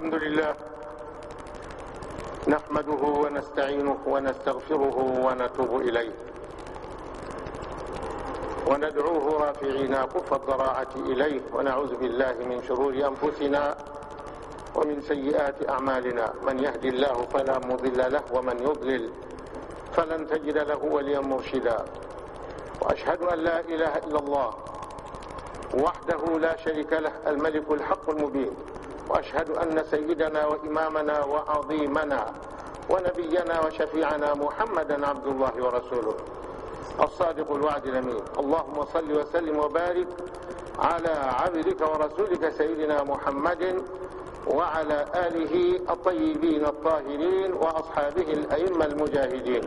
الحمد لله نحمده ونستعينه ونستغفره ونتوب إليه وندعوه رافعين كف الضراعة إليه ونعوذ بالله من شرور أنفسنا ومن سيئات أعمالنا من يهدي الله فلا مضل له ومن يضلل فلن تجد له وليا مرشدا وأشهد أن لا إله إلا الله وحده لا شريك له الملك الحق المبين وأشهد أن سيدنا وإمامنا وعظيمنا ونبينا وشفيعنا محمدا عبد الله ورسوله الصادق الوعد الأمين اللهم صل وسلم وبارك على عبدك ورسولك سيدنا محمد وعلى آله الطيبين الطاهرين وأصحابه الأئمة المجاهدين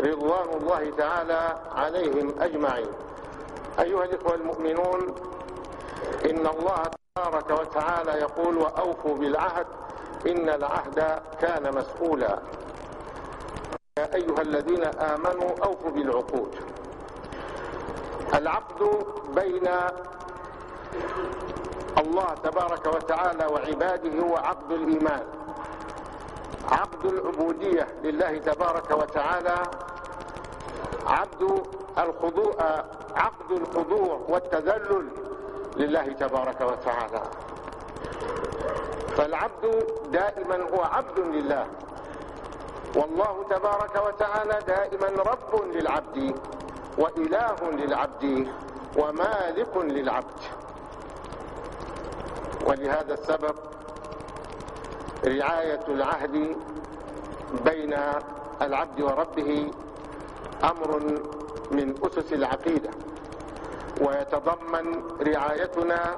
رضوان الله تعالى عليهم أجمعين أيها الإخوة المؤمنون إن الله تبارك وتعالى يقول وأوفوا بالعهد إن العهد كان مسؤولا يا أيها الذين آمنوا أوفوا بالعقود العقد بين الله تبارك وتعالى وعباده هو عقد الإيمان عقد العبودية لله تبارك وتعالى عقد الخضوع عقد الخضوع والتذلل لله تبارك وتعالى فالعبد دائما هو عبد لله والله تبارك وتعالى دائما رب للعبد وإله للعبد ومالك للعبد ولهذا السبب رعاية العهد بين العبد وربه أمر من أسس العقيدة ويتضمن رعايتنا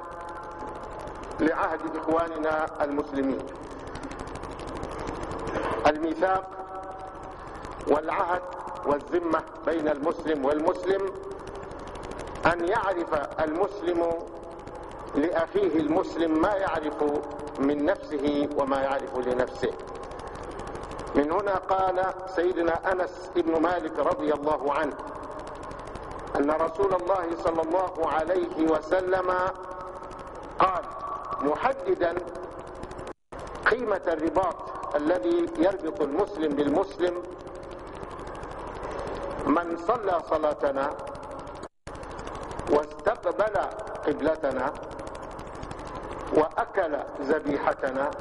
لعهد إخواننا المسلمين الميثاق والعهد والذمة بين المسلم والمسلم أن يعرف المسلم لأخيه المسلم ما يعرف من نفسه وما يعرف لنفسه من هنا قال سيدنا أنس بن مالك رضي الله عنه أن رسول الله صلى الله عليه وسلم قال محددا قيمة الرباط الذي يربط المسلم بالمسلم من صلى صلاتنا واستقبل قبلتنا وأكل ذبيحتنا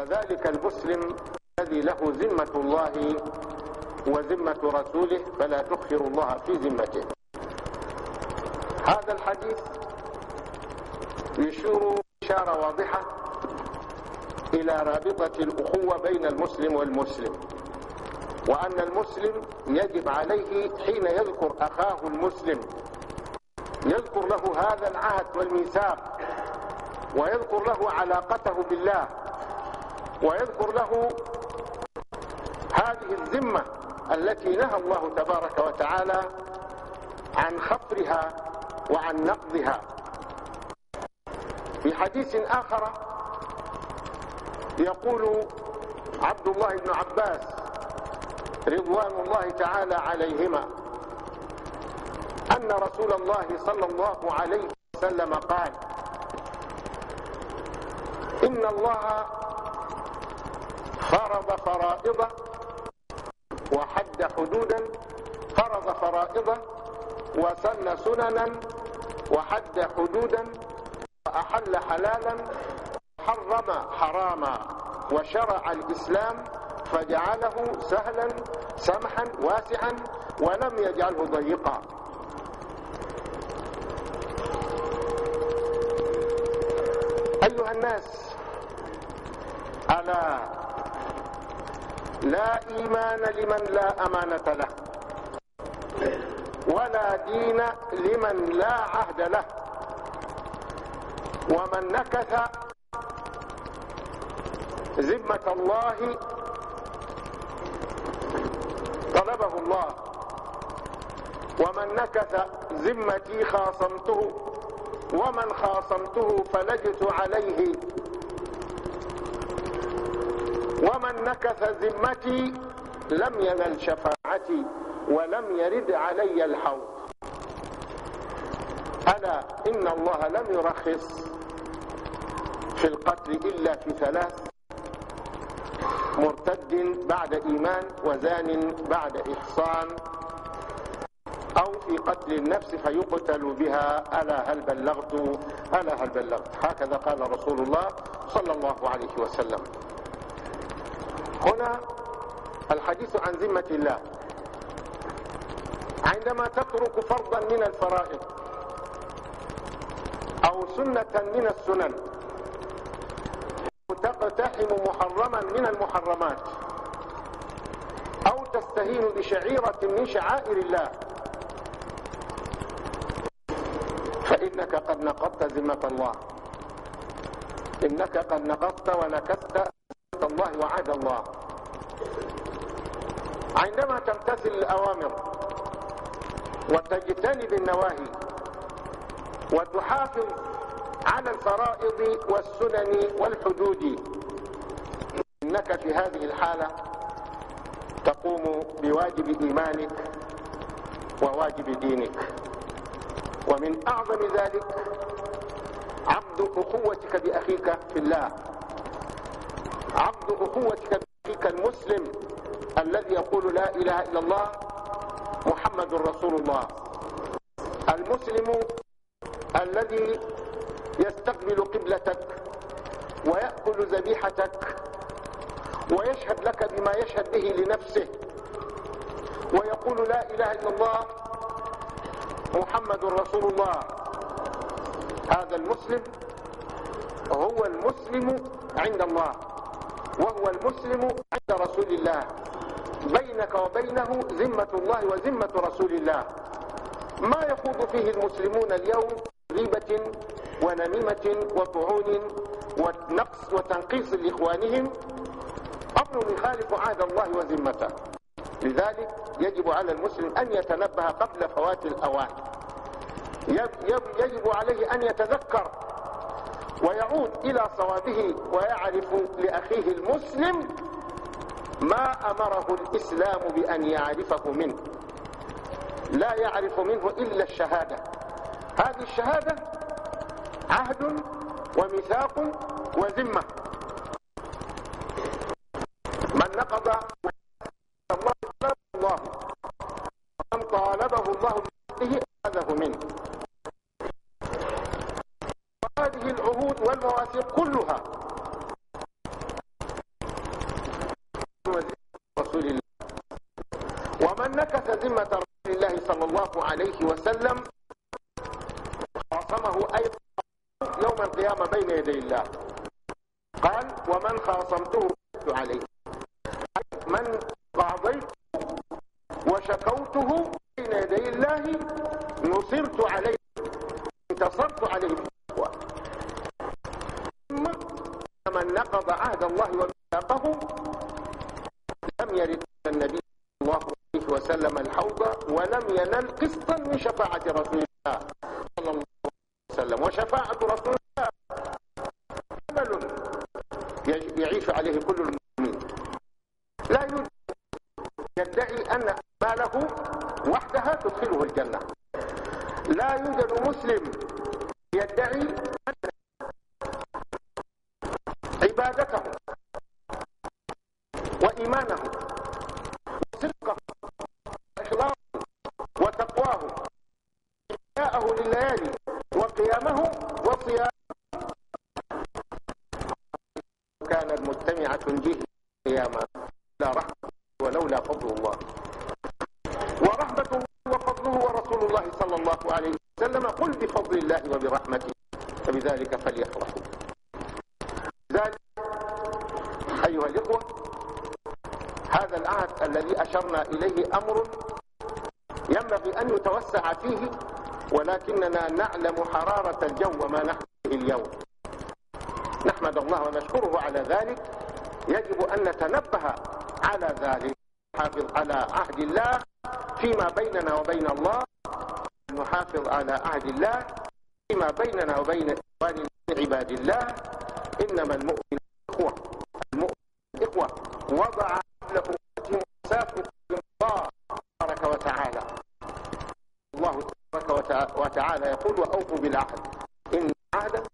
فذلك المسلم الذي له ذمة الله وذمة رسوله فلا تخفر الله في ذمته هذا الحديث يشير إشارة واضحة إلى رابطة الأخوة بين المسلم والمسلم وأن المسلم يجب عليه حين يذكر أخاه المسلم يذكر له هذا العهد والميثاق ويذكر له علاقته بالله ويذكر له هذه الذمة التي نهى الله تبارك وتعالى عن خطرها وعن نقضها في حديث آخر يقول عبد الله بن عباس رضوان الله تعالى عليهما أن رسول الله صلى الله عليه وسلم قال إن الله فرض فرائضه حد حدودا فرض فرائضا وسن سننا وحد حدودا وأحل حلالا وحرم حراما وشرع الإسلام فجعله سهلا سمحا واسعا ولم يجعله ضيقا أيها الناس على لا إيمان لمن لا أمانة له ولا دين لمن لا عهد له ومن نكث ذمة الله طلبه الله ومن نكث ذمتي خاصمته ومن خاصمته فلجت عليه نكث ذمتي لم ينل شفاعتي ولم يرد علي الحوض ألا إن الله لم يرخص في القتل إلا في ثلاث مرتد بعد إيمان وزان بعد إحصان أو في قتل النفس فيقتل بها ألا هل بلغت ألا هل بلغت هكذا قال رسول الله صلى الله عليه وسلم هنا الحديث عن ذمة الله عندما تترك فرضا من الفرائض أو سنة من السنن أو تقتحم محرما من المحرمات أو تستهين بشعيرة من شعائر الله فإنك قد نقضت ذمة الله إنك قد نقضت ونكست الله وعد الله عندما تمتثل الأوامر وتجتنب النواهي وتحافظ على الفرائض والسنن والحدود إنك في هذه الحالة تقوم بواجب إيمانك وواجب دينك ومن أعظم ذلك عبد أخوتك بأخيك في الله عبد أخوتك فيك المسلم الذي يقول لا إله إلا الله محمد رسول الله المسلم الذي يستقبل قبلتك ويأكل ذبيحتك ويشهد لك بما يشهد به لنفسه ويقول لا إله إلا الله محمد رسول الله هذا المسلم هو المسلم عند الله وهو المسلم عند رسول الله بينك وبينه ذمة الله وذمة رسول الله ما يخوض فيه المسلمون اليوم غيبة ونميمة وطعون ونقص وتنقيص لإخوانهم أمر يخالف عهد الله وذمته لذلك يجب على المسلم أن يتنبه قبل فوات الأوان يجب عليه أن يتذكر ويعود إلى صوابه ويعرف لأخيه المسلم ما أمره الإسلام بأن يعرفه منه لا يعرف منه إلا الشهادة هذه الشهادة عهد وميثاق وذمة من نقض الله الله من طالبه الله العهود والمواثيق كلها رسول الله ومن نكث ذمة رسول الله صلى الله عليه وسلم خاصمه أيضا يوم القيامة بين يدي الله قال ومن خاصمته عليه من قاضيت وشكوته بين يدي الله نصرت عليه انتصرت عليه الله وميثاقه لم يرد النبي صلى الله عليه وسلم الحوض ولم ينل قسطا من شفاعة رسول الله صلى الله عليه وسلم وشفاعة رسول الله عليه وسلم قل بفضل الله وبرحمته فبذلك فليفرحوا لذلك أيها الإخوة هذا العهد الذي أشرنا إليه أمر ينبغي أن يتوسع فيه ولكننا نعلم حرارة الجو وما نحن فيه اليوم نحمد الله ونشكره على ذلك يجب أن نتنبه على ذلك حافظ على عهد الله فيما بيننا وبين الله نحافظ على عهد الله فيما بيننا وبين إخواننا من عباد الله إنما المؤمن إخوة المؤمن إخوة وضع له مسافة الله تبارك وتعالى الله تبارك وتعالى يقول وأوفوا بالعهد إن عهد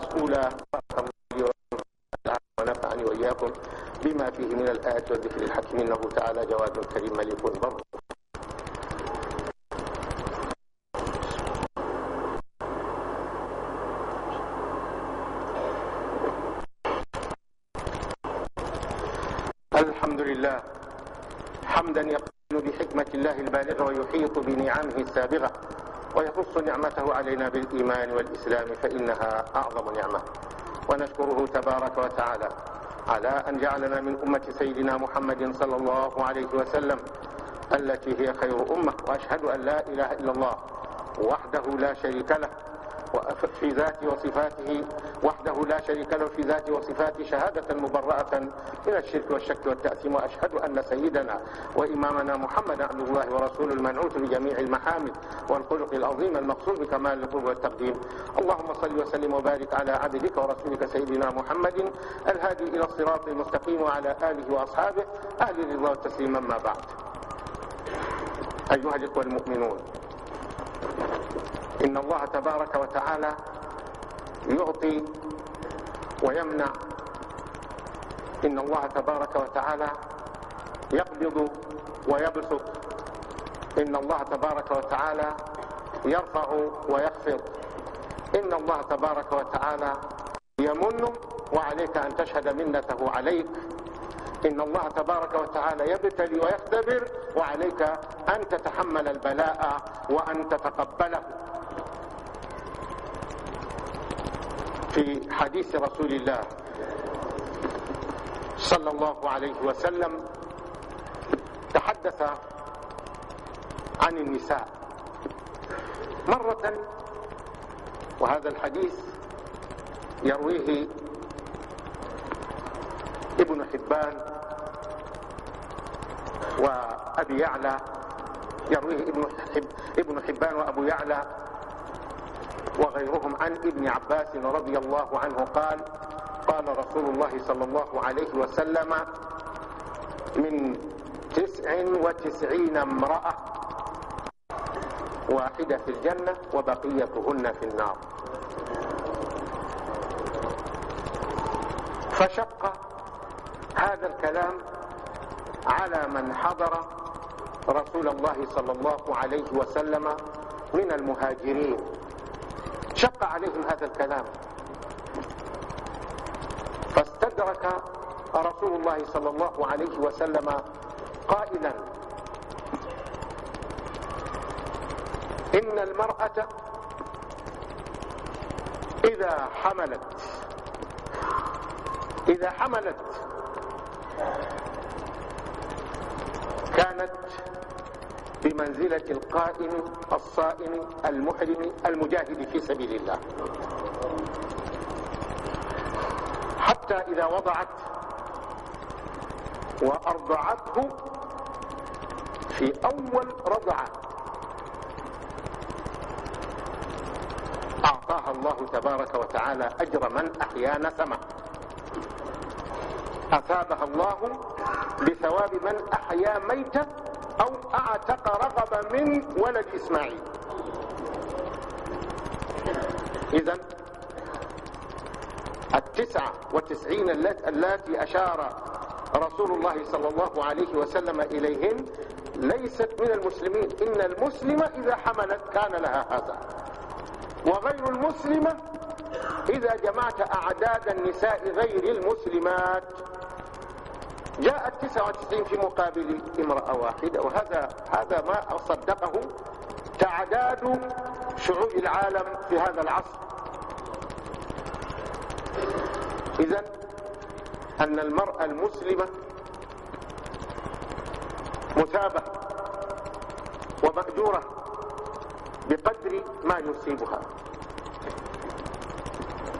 مسؤولا ونفعني وإياكم بما فيه من الآيات والذكر الحكيم إنه تعالى جواد كريم مليك بر حمدا يقتن بحكمة الله البالغة ويحيط بنعمه السابغة ويخص نعمته علينا بالإيمان والإسلام فإنها أعظم نعمة ونشكره تبارك وتعالى على أن جعلنا من أمة سيدنا محمد صلى الله عليه وسلم التي هي خير أمة وأشهد أن لا إله إلا الله وحده لا شريك له في ذاته وصفاته وحده لا شريك له في ذاته وصفاته شهادة مبرأة من الشرك والشك والتأثيم وأشهد أن سيدنا وإمامنا محمد عبد الله ورسوله المنعوت بجميع المحامد والخلق العظيم المقصود بكمال القرب والتقديم اللهم صل وسلم وبارك على عبدك ورسولك سيدنا محمد الهادي إلى الصراط المستقيم وعلى آله وأصحابه أهل الرضا والتسليم أما بعد أيها الإخوة المؤمنون إن الله تبارك وتعالى يعطي ويمنع إن الله تبارك وتعالى يقبض ويبسط إن الله تبارك وتعالى يرفع ويخفض إن الله تبارك وتعالى يمن وعليك أن تشهد منته عليك إن الله تبارك وتعالى يبتلي ويختبر وعليك أن تتحمل البلاء وأن تتقبله في حديث رسول الله صلى الله عليه وسلم تحدث عن النساء مرة وهذا الحديث يرويه ابن حبان وأبي يعلى يرويه ابن حبان وأبو يعلى وغيرهم عن ابن عباس رضي الله عنه قال قال رسول الله صلى الله عليه وسلم من تسع وتسعين امرأة واحدة في الجنة وبقيتهن في النار فشق هذا الكلام على من حضر رسول الله صلى الله عليه وسلم من المهاجرين شق عليهم هذا الكلام فاستدرك رسول الله صلى الله عليه وسلم قائلا إن المرأة إذا حملت إذا حملت كانت بمنزلة القائم الصائم المحرم المجاهد في سبيل الله حتى إذا وضعت وأرضعته في أول رضعة أعطاها الله تبارك وتعالى أجر من أحيان سمع أثابها الله بثواب من أحيا ميته أو أعتق رغبة من ولد إسماعيل إذا التسعة وتسعين التي أشار رسول الله صلى الله عليه وسلم إليهن ليست من المسلمين إن المسلمة إذا حملت كان لها هذا وغير المسلمة إذا جمعت أعداد النساء غير المسلمات جاءت 99 في مقابل امرأة واحدة وهذا هذا ما صدقه تعداد شعوب العالم في هذا العصر إذا أن المرأة المسلمة مثابة ومأجورة بقدر ما يصيبها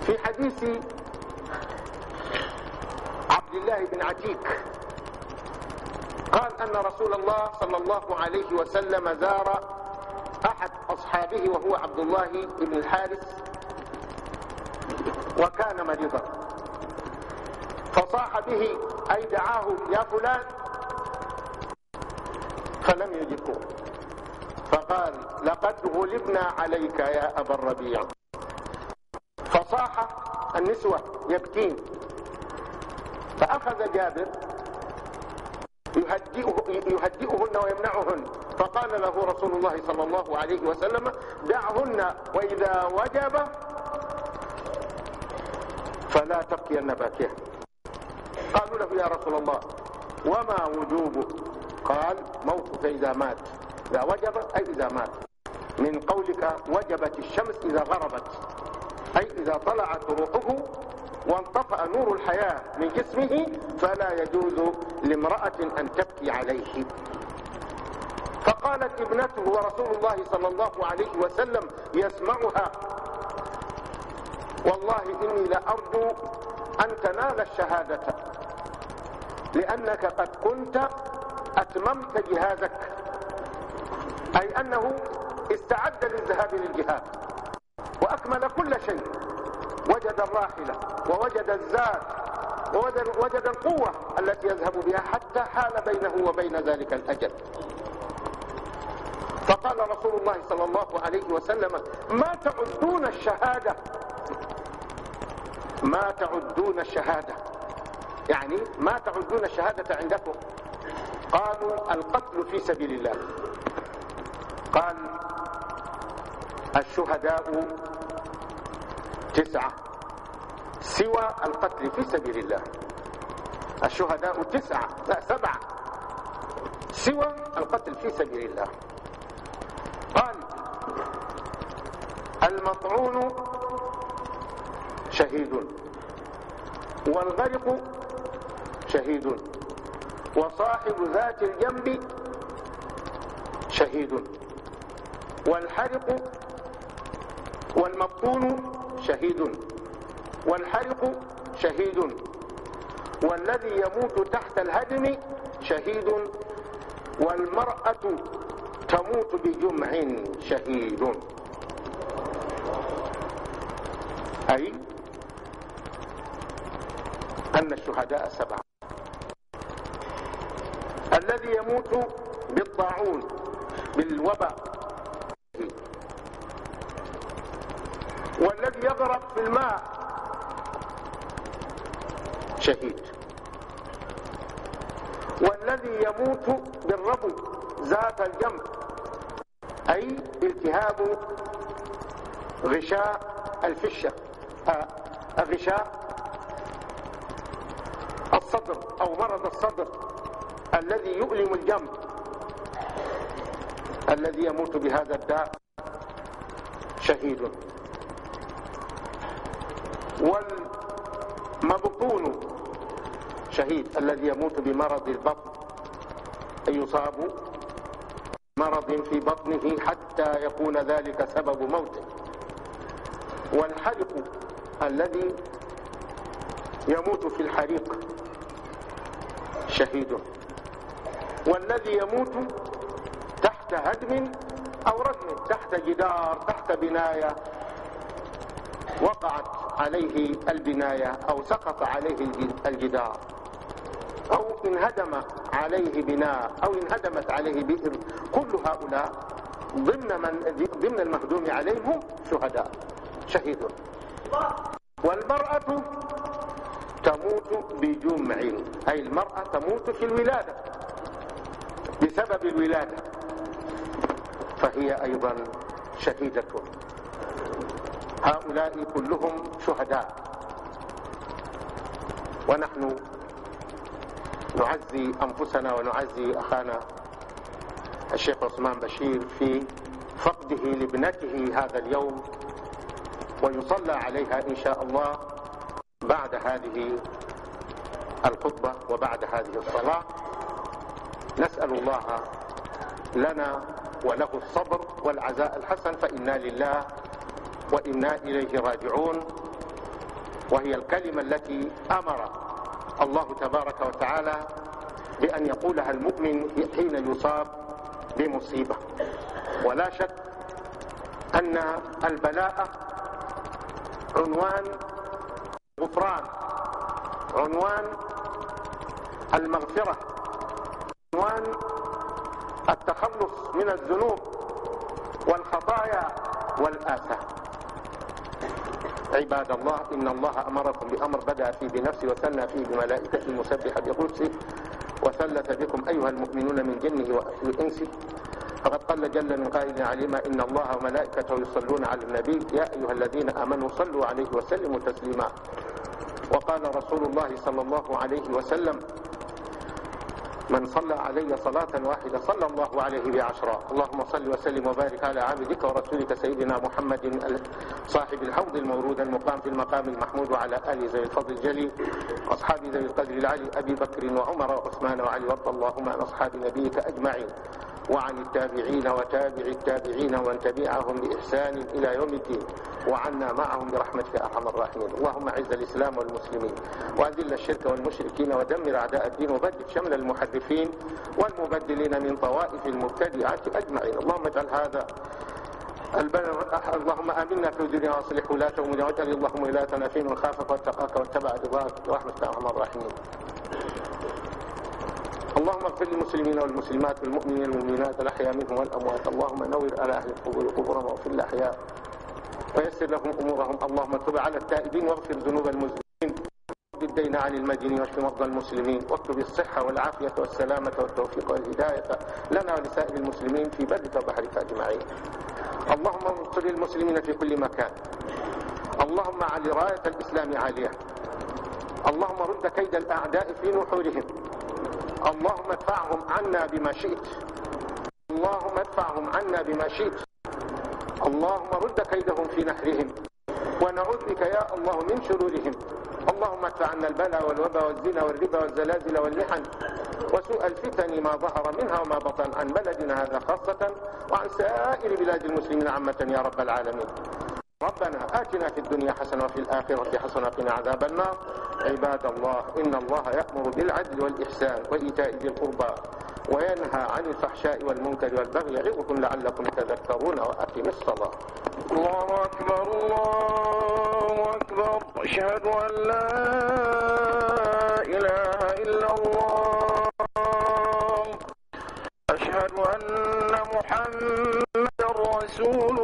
في حديث الله بن عتيك قال أن رسول الله صلى الله عليه وسلم زار أحد أصحابه وهو عبد الله بن الحارث وكان مريضا فصاح به أي دعاه يا فلان فلم يجبه فقال لقد غلبنا عليك يا أبا الربيع فصاح النسوة يبكين فأخذ جابر يهدئه يهدئهن ويمنعهن فقال له رسول الله صلى الله عليه وسلم دعهن وإذا وجب فلا تبقين باكيه قالوا له يا رسول الله وما وجوبه قال موقف إذا مات إذا وجب أي إذا مات من قولك وجبت الشمس إذا غربت أي إذا طلعت روحه وانطفأ نور الحياة من جسمه فلا يجوز لامرأة أن تبكي عليه فقالت ابنته ورسول الله صلى الله عليه وسلم يسمعها والله إني لأرجو أن تنال الشهادة لأنك قد كنت أتممت جهازك أي أنه استعد للذهاب للجهاد وأكمل كل شيء وجد الراحلة ووجد الزاد ووجد القوة التي يذهب بها حتى حال بينه وبين ذلك الأجل فقال رسول الله صلى الله عليه وسلم ما تعدون الشهادة ما تعدون الشهادة يعني ما تعدون الشهادة عندكم قالوا القتل في سبيل الله قال الشهداء تسعة سوى القتل في سبيل الله الشهداء تسعة لا سبعة سوى القتل في سبيل الله قال المطعون شهيد والغرق شهيد وصاحب ذات الجنب شهيد والحرق والمبطون شهيد والحرق شهيد والذي يموت تحت الهدم شهيد والمرأة تموت بجمع شهيد أي أن الشهداء سبعة الذي يموت بالطاعون بالوباء الذي يغرق في الماء شهيد والذي يموت بالربو ذات الجنب أي التهاب غشاء الفشة آه، غشاء الصدر أو مرض الصدر الذي يؤلم الجنب الذي يموت بهذا الداء شهيد والمبطون شهيد الذي يموت بمرض البطن أي يصاب مرض في بطنه حتى يكون ذلك سبب موته والحلق الذي يموت في الحريق شهيد والذي يموت تحت هدم أو ردم تحت جدار تحت بناية وقعت عليه البناية أو سقط عليه الجدار أو انهدم عليه بناء أو انهدمت عليه بئر كل هؤلاء ضمن من ضمن المهدوم عليهم شهداء شهيد والمرأة تموت بجمع أي المرأة تموت في الولادة بسبب الولادة فهي أيضا شهيدة هؤلاء كلهم شهداء ونحن نعزي أنفسنا ونعزي أخانا الشيخ عثمان بشير في فقده لابنته هذا اليوم ويصلى عليها إن شاء الله بعد هذه الخطبة وبعد هذه الصلاة نسأل الله لنا وله الصبر والعزاء الحسن فإنا لله وإنا إليه راجعون وهي الكلمة التي أمر الله تبارك وتعالى بأن يقولها المؤمن حين يصاب بمصيبة ولا شك أن البلاء عنوان غفران عنوان المغفرة عنوان التخلص من الذنوب والخطايا والآثام عباد الله إن الله أمركم بأمر بدأ فيه بنفسه وثنى فيه بملائكته المسبحة بقدسه وثلث بكم أيها المؤمنون من جنه وإنسه فقد قال جل من قائل عليما إن الله وملائكته يصلون على النبي يا أيها الذين آمنوا صلوا عليه وسلموا تسليما وقال رسول الله صلى الله عليه وسلم من صلى علي صلاة واحدة صلى الله عليه بعشرة اللهم صل وسلم وبارك على عبدك ورسولك سيدنا محمد صاحب الحوض المورود المقام في المقام المحمود وعلى آله زي الفضل الجلي أصحاب ذوي القدر العلي أبي بكر وعمر وعثمان وعلي وارض اللهم عن أصحاب نبيك أجمعين وعن التابعين وتابع التابعين ومن تبعهم بإحسان إلى يوم الدين وعنا معهم برحمتك أرحم الراحمين اللهم أعز الإسلام والمسلمين وأذل الشرك والمشركين ودمر أعداء الدين وبدد شمل المحرفين والمبدلين من طوائف المبتدعة أجمعين اللهم اجعل هذا اللهم امنا في الدنيا واصلح ولاة امورنا واجعل اللهم ولاتنا في من خافك واتقاك واتبع رضاك برحمتك يا ارحم الراحمين اللهم اغفر للمسلمين والمسلمات والمؤمنين والمؤمنات الأحياء منهم والأموات اللهم نور على أهل القبور قبورهم واغفر الأحياء ويسر لهم أمورهم اللهم تب على التائبين واغفر ذنوب المسلمين الدين عن المدين واشف مرضى المسلمين واكتب الصحة والعافية والسلامة والتوفيق والهداية لنا ولسائر المسلمين في برك وبحرك أجمعين اللهم انصر المسلمين في كل مكان اللهم على راية الإسلام عالية اللهم رد كيد الأعداء في نحورهم اللهم ادفعهم عنا بما شئت اللهم ادفعهم عنا بما شئت اللهم رد كيدهم في نحرهم ونعوذ بك يا الله من شرورهم اللهم ادفع عنا البلاء والوباء والزنا والربا والزلازل والمحن وسوء الفتن ما ظهر منها وما بطن عن بلدنا هذا خاصة وعن سائر بلاد المسلمين عامة يا رب العالمين ربنا آتنا في الدنيا حسنة وفي الآخرة حسنة وقنا عذاب النار عباد الله إن الله يأمر بالعدل والإحسان وإيتاء ذي القربى وينهى عن الفحشاء والمنكر والبغي يعظكم لعلكم تذكرون وأقم الصلاة الله أكبر الله أكبر أشهد أن لا إله إلا الله أشهد أن محمد رسول